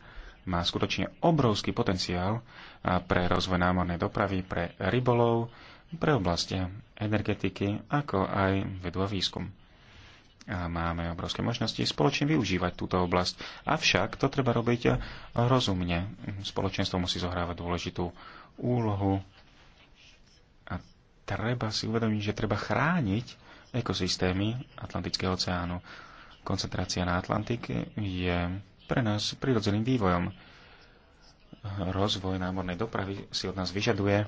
má skutočne obrovský potenciál pre rozvoj námornej dopravy, pre rybolov, pre oblasti energetiky, ako aj vedú a výskum. A máme obrovské možnosti spoločne využívať túto oblasť. Avšak to treba robiť rozumne. Spoločenstvo musí zohrávať dôležitú úlohu a treba si uvedomiť, že treba chrániť ekosystémy Atlantického oceánu. Koncentrácia na Atlantik je pre nás prirodzeným vývojom. Rozvoj námornej dopravy si od nás vyžaduje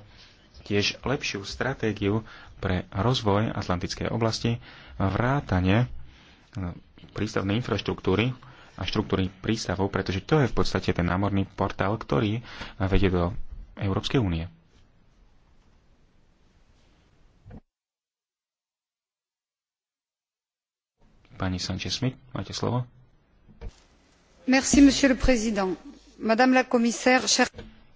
tiež lepšiu stratégiu pre rozvoj Atlantickej oblasti, vrátanie e, prístavnej infraštruktúry a štruktúry prístavov, pretože to je v podstate ten námorný portál, ktorý vedie do Európskej únie. Pani Sanchez-Smith, máte slovo. Merci, monsieur le président. Madame la commissaire, chers...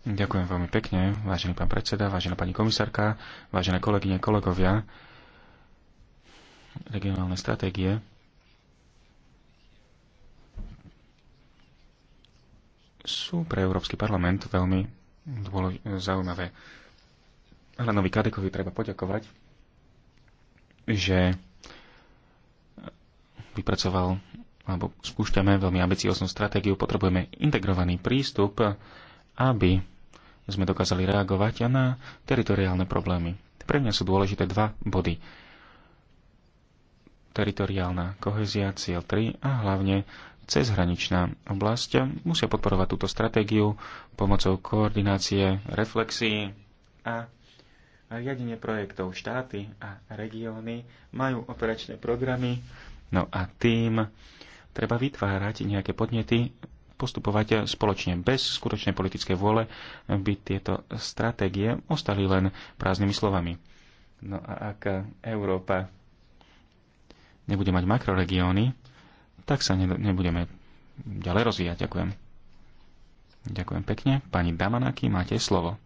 Ďakujem veľmi pekne, vážený pán predseda, vážená pani komisárka, vážené kolegyne, kolegovia. Regionálne stratégie sú pre Európsky parlament veľmi zaujímavé. Helenovi Kadekovi treba poďakovať, že vypracoval alebo spúšťame veľmi ambicióznu stratégiu, potrebujeme integrovaný prístup, aby sme dokázali reagovať na teritoriálne problémy. Pre mňa sú dôležité dva body. Teritoriálna kohezia, cieľ 3 a hlavne cezhraničná oblasť musia podporovať túto stratégiu pomocou koordinácie, reflexí a riadenie projektov. Štáty a regióny majú operačné programy, no a tým treba vytvárať nejaké podnety postupovať spoločne. Bez skutočnej politickej vôle by tieto stratégie ostali len prázdnymi slovami. No a ak Európa nebude mať makroregióny, tak sa nebudeme ďalej rozvíjať. Ďakujem. Ďakujem pekne. Pani Damanaki, máte slovo.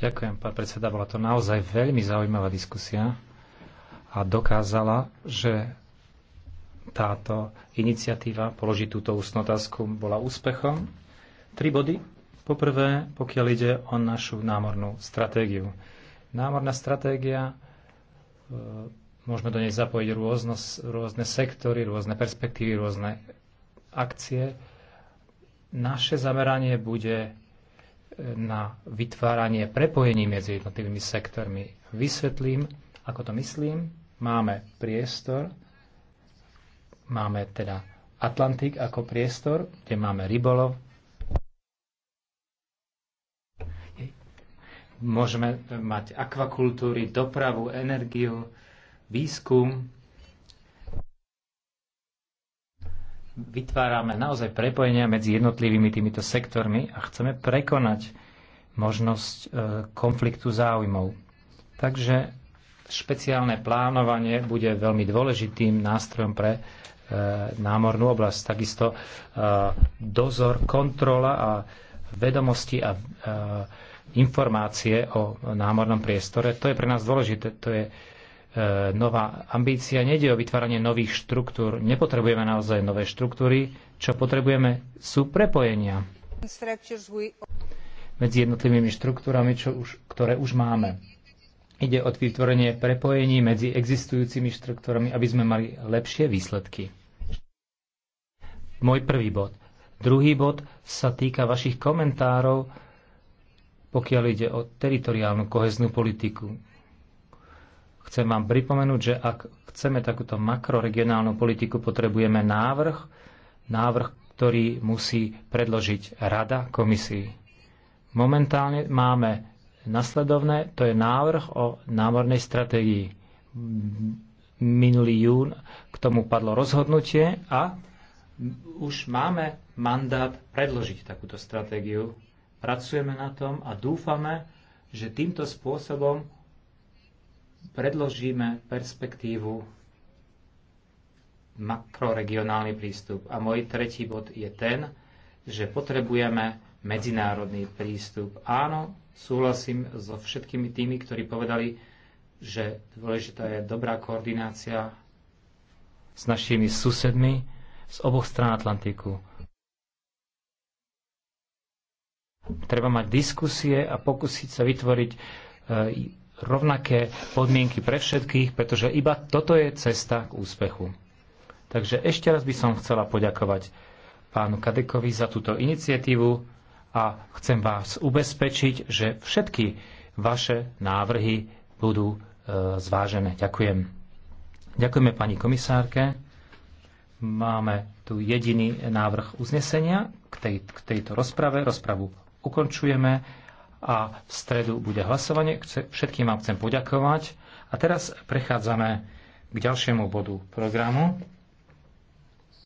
Ďakujem, pán predseda. Bola to naozaj veľmi zaujímavá diskusia a dokázala, že táto iniciatíva položiť túto ústnu otázku bola úspechom. Tri body. Poprvé, pokiaľ ide o našu námornú stratégiu. Námorná stratégia, e, môžeme do nej zapojiť rôzno, rôzne sektory, rôzne perspektívy, rôzne akcie. Naše zameranie bude e, na vytváranie prepojení medzi jednotlivými sektormi. Vysvetlím, ako to myslím. Máme priestor, Máme teda Atlantik ako priestor, kde máme rybolov. Môžeme mať akvakultúry, dopravu, energiu, výskum. Vytvárame naozaj prepojenia medzi jednotlivými týmito sektormi a chceme prekonať možnosť e, konfliktu záujmov. Takže špeciálne plánovanie bude veľmi dôležitým nástrojom pre E, námornú oblasť. Takisto e, dozor, kontrola a vedomosti a e, informácie o námornom priestore. To je pre nás dôležité. To je nová ambícia. Nede o vytváranie nových štruktúr. Nepotrebujeme naozaj nové štruktúry. Čo potrebujeme sú prepojenia medzi jednotlivými štruktúrami, čo už, ktoré už máme. Ide o vytvorenie prepojení medzi existujúcimi štruktúrami, aby sme mali lepšie výsledky môj prvý bod. Druhý bod sa týka vašich komentárov, pokiaľ ide o teritoriálnu koheznú politiku. Chcem vám pripomenúť, že ak chceme takúto makroregionálnu politiku, potrebujeme návrh, návrh, ktorý musí predložiť Rada komisii. Momentálne máme nasledovné, to je návrh o námornej stratégii. Minulý jún k tomu padlo rozhodnutie a už máme mandát predložiť takúto stratégiu. Pracujeme na tom a dúfame, že týmto spôsobom predložíme perspektívu makroregionálny prístup. A môj tretí bod je ten, že potrebujeme medzinárodný prístup. Áno, súhlasím so všetkými tými, ktorí povedali, že dôležitá je dobrá koordinácia s našimi susedmi, z oboch strán Atlantiku. Treba mať diskusie a pokúsiť sa vytvoriť eh, rovnaké podmienky pre všetkých, pretože iba toto je cesta k úspechu. Takže ešte raz by som chcela poďakovať pánu Kadekovi za túto iniciatívu a chcem vás ubezpečiť, že všetky vaše návrhy budú eh, zvážené. Ďakujem. Ďakujeme pani komisárke. Máme tu jediný návrh uznesenia k, tej, k tejto rozprave. Rozpravu ukončujeme a v stredu bude hlasovanie. Všetkým vám chcem poďakovať. A teraz prechádzame k ďalšiemu bodu programu.